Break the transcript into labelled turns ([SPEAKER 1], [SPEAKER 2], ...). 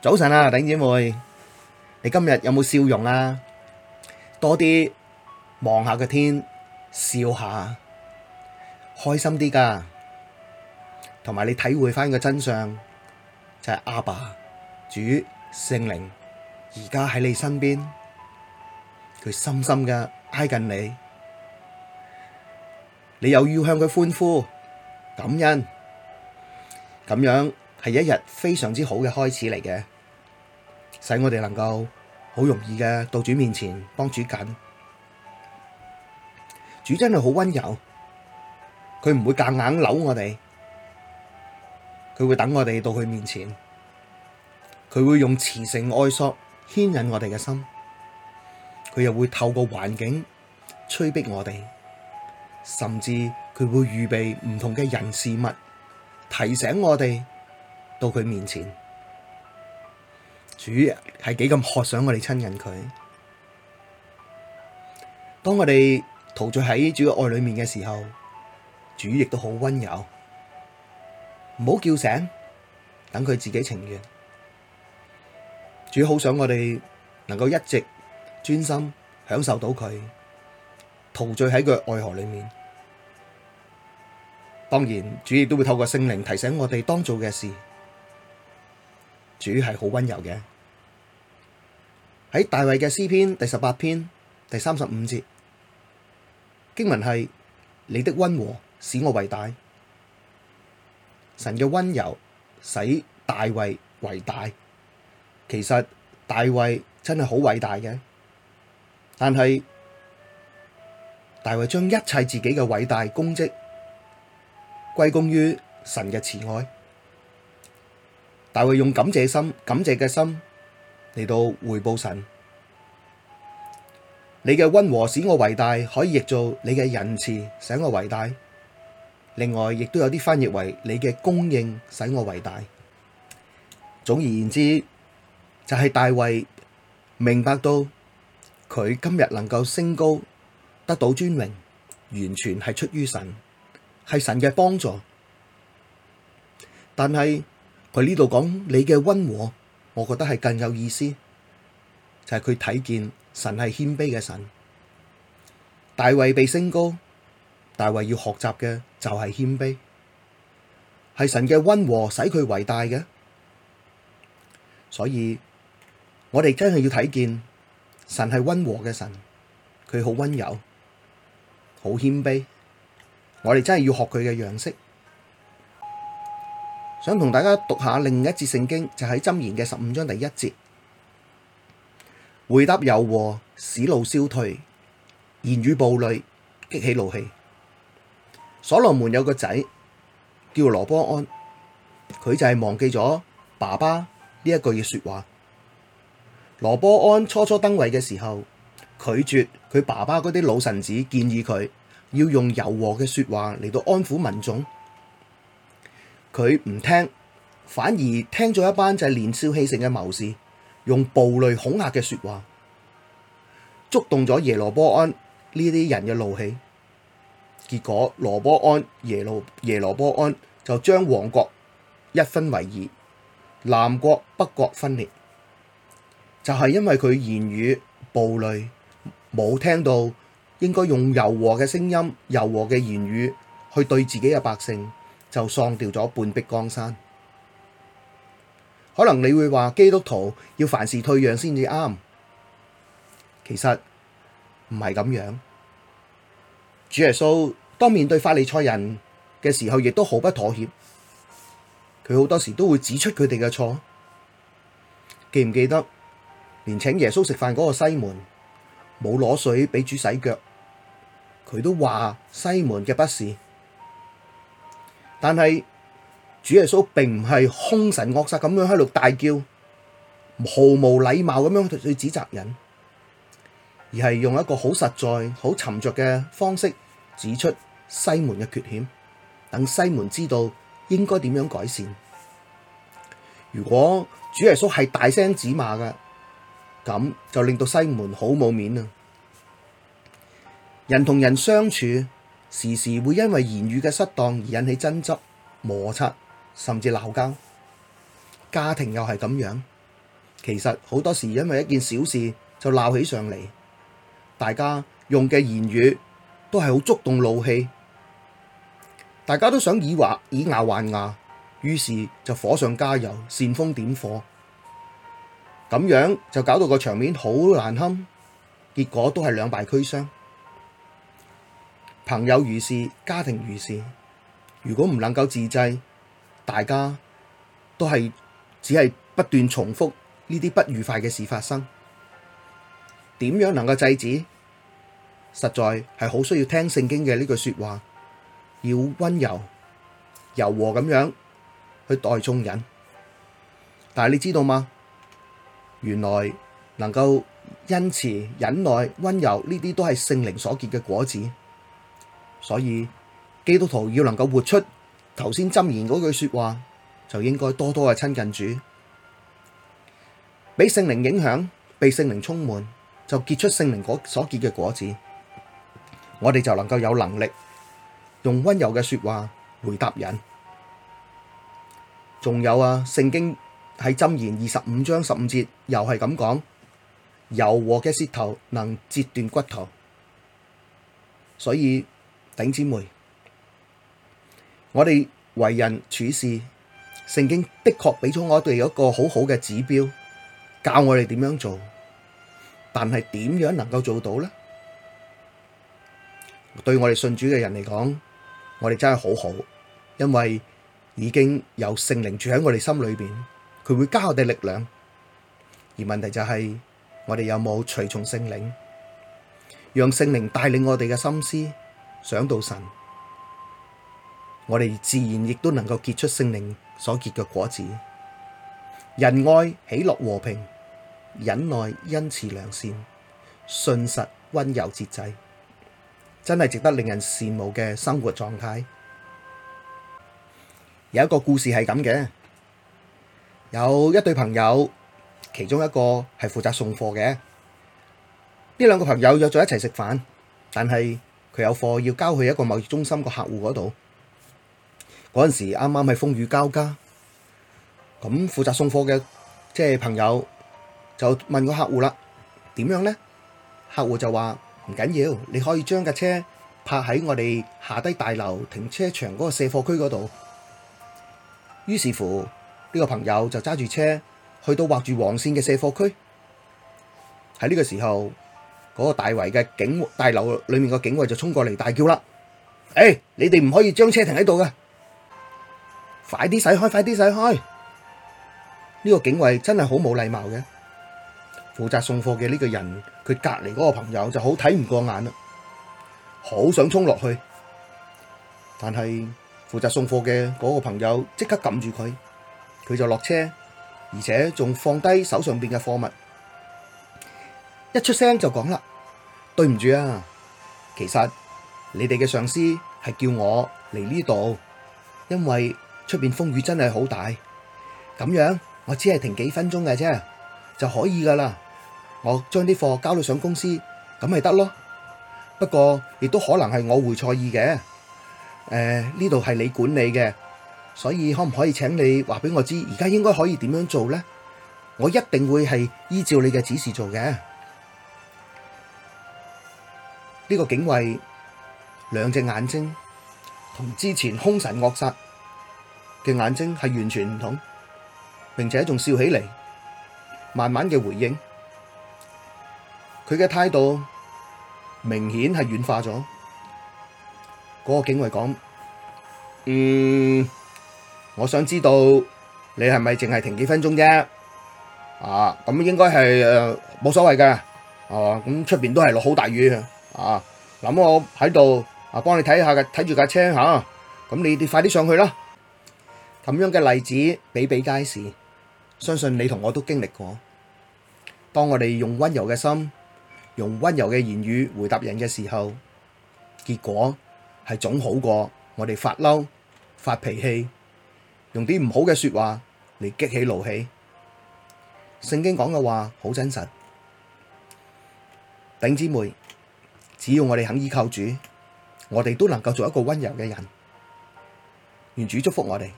[SPEAKER 1] 早晨啊，頂姐妹，你今日有冇笑容啊？多啲望下個天，笑下，開心啲噶。同埋你體會翻個真相，就係、是、阿爸主聖靈而家喺你身邊，佢深深嘅挨近你，你又要向佢歡呼感恩，咁樣。係一日非常之好嘅開始嚟嘅，使我哋能夠好容易嘅到主面前幫主緊。主真係好溫柔，佢唔會夾硬，硬扭我哋，佢會等我哋到佢面前，佢會用慈繩愛索牽引我哋嘅心，佢又會透過環境催逼我哋，甚至佢會預備唔同嘅人事物提醒我哋。到佢面前，主係幾咁渴想我哋親近佢。當我哋陶醉喺主嘅愛裏面嘅時候，主亦都好溫柔，唔好叫醒，等佢自己情願。主好想我哋能夠一直專心享受到佢，陶醉喺佢愛河裏面。當然，主亦都會透過聖靈提醒我哋當做嘅事。主係好溫柔嘅，喺大衛嘅詩篇第十八篇第三十五節，經文係：你的溫和使我為大，神嘅溫柔使大衛為大。其實大衛真係好偉大嘅，但係大衛將一切自己嘅偉大功績歸功於神嘅慈愛。大衛用感謝心、感謝嘅心嚟到回報神。你嘅溫和使我為大，可以譯做你嘅仁慈使我為大。另外，亦都有啲翻譯為你嘅供應使我為大。總而言之，就係大衛明白到佢今日能夠升高，得到尊榮，完全係出於神，係神嘅幫助。但係，佢呢度講你嘅溫和，我覺得係更有意思，就係佢睇見神係謙卑嘅神，大衛被升高，大衛要學習嘅就係謙卑，係神嘅溫和使佢為大嘅，所以我哋真係要睇見神係溫和嘅神，佢好溫柔，好謙卑，我哋真係要學佢嘅樣式。想同大家讀下另一節聖經，就喺《箴言》嘅十五章第一節。回答柔和，使怒消退；言語暴戾，激起怒氣。所羅門有個仔叫羅波安，佢就係忘記咗爸爸呢一句說話。羅波安初初登位嘅時候，拒絕佢爸爸嗰啲老臣子建議佢要用柔和嘅說話嚟到安撫民眾。佢唔聽，反而聽咗一班就係年少氣盛嘅謀士，用暴戾恐嚇嘅說話，觸動咗耶羅波安呢啲人嘅怒氣。結果羅波安耶羅耶羅波安就將王國一分為二，南國北國分裂，就係因為佢言語暴戾，冇聽到應該用柔和嘅聲音、柔和嘅言語去對自己嘅百姓。就喪掉咗半壁江山。可能你會話基督徒要凡事退讓先至啱，其實唔係咁樣。主耶穌當面對法利賽人嘅時候，亦都毫不妥協。佢好多時都會指出佢哋嘅錯。記唔記得連請耶穌食飯嗰個西門，冇攞水俾主洗腳，佢都話西門嘅不是。但係，主耶穌並唔係兇神惡煞咁樣喺度大叫，毫無禮貌咁樣去指責人，而係用一個好實在、好沉着嘅方式指出西門嘅缺陷，等西門知道應該點樣改善。如果主耶穌係大聲指罵嘅，咁就令到西門好冇面啊！人同人相處。時時會因為言語嘅失當而引起爭執、摩擦，甚至鬧交。家庭又係咁樣，其實好多時因為一件小事就鬧起上嚟，大家用嘅言語都係好觸動怒氣，大家都想以牙以牙還牙，於是就火上加油、煽風點火，咁樣就搞到個場面好難堪，結果都係兩敗俱傷。朋友如是，家庭如是。如果唔能夠自制，大家都係只係不斷重複呢啲不愉快嘅事發生。點樣能夠制止？實在係好需要聽聖經嘅呢句說話，要溫柔柔和咁樣去待眾人。但係你知道嗎？原來能夠恩慈、忍耐、溫柔呢啲都係聖靈所結嘅果子。所以基督徒要能夠活出頭先箴言嗰句說話，就應該多多嘅親近主，俾聖靈影響，被聖靈充滿，就結出聖靈嗰所結嘅果子。我哋就能夠有能力用溫柔嘅說話回答人。仲有啊，聖經喺箴言二十五章十五節又係咁講：柔和嘅舌頭能折斷骨頭。所以。頂姊妹，我哋為人處事，聖經的確俾咗我哋一個好好嘅指標，教我哋點樣做。但係點樣能夠做到呢？對我哋信主嘅人嚟講，我哋真係好好，因為已經有聖靈住喺我哋心裏邊，佢會加我哋力量。而問題就係我哋有冇隨從聖靈，讓聖靈帶領我哋嘅心思。想到神，我哋自然亦都能夠結出聖靈所結嘅果子。仁愛、喜樂、和平、忍耐、恩慈、良善、信實、温柔、節制，真係值得令人羨慕嘅生活狀態。有一個故事係咁嘅，有一對朋友，其中一個係負責送貨嘅，呢兩個朋友約咗一齊食飯，但係，佢有貨要交去一個貿易中心個客戶嗰度，嗰陣時啱啱係風雨交加，咁負責送貨嘅即係朋友就問個客戶啦，點樣呢？客戶，客戶就話唔緊要，你可以將架車泊喺我哋下低大樓停車場嗰個卸貨區嗰度。於是乎呢個朋友就揸住車去到畫住黃線嘅卸貨區。喺呢個時候。嗰個大圍嘅警衛大樓裏面嘅警衛就衝過嚟大叫啦，誒，你哋唔可以將車停喺度㗎，快啲駛開，快啲駛開！呢個警衛真係好冇禮貌嘅。負責送貨嘅呢個人，佢隔籬嗰個朋友就好睇唔過眼啦，好想衝落去，但係負責送貨嘅嗰個朋友即刻撳住佢，佢就落車，而且仲放低手上邊嘅貨物。一出聲就講啦，對唔住啊，其實你哋嘅上司係叫我嚟呢度，因為出邊風雨真係好大。咁樣我只係停幾分鐘嘅啫，就可以噶啦。我將啲貨交到上公司咁咪得咯。不過亦都可能係我會錯意嘅。誒、呃，呢度係你管理嘅，所以可唔可以請你話俾我知，而家應該可以點樣做咧？我一定會係依照你嘅指示做嘅。呢個警衛兩隻眼睛同之前凶神惡煞嘅眼睛係完全唔同，並且仲笑起嚟，慢慢嘅回應佢，嘅態度明顯係軟化咗。嗰、那個警衛講，嗯，我想知道你係咪淨係停幾分鐘啫？啊，咁、嗯、應該係冇、呃、所謂嘅，係嘛？咁出面都係落好大雨。啊！嗱，我喺度啊，幫你睇下，睇住架車吓。咁、啊、你哋快啲上去啦！咁樣嘅例子比比皆是，相信你同我都經歷過。當我哋用溫柔嘅心，用溫柔嘅言語回答人嘅時候，結果係總好過我哋發嬲、發脾氣，用啲唔好嘅說話嚟，激起怒氣。聖經講嘅話好真實，頂姊妹。只要我哋肯依靠主，我哋都能夠做一個溫柔嘅人。願主祝福我哋。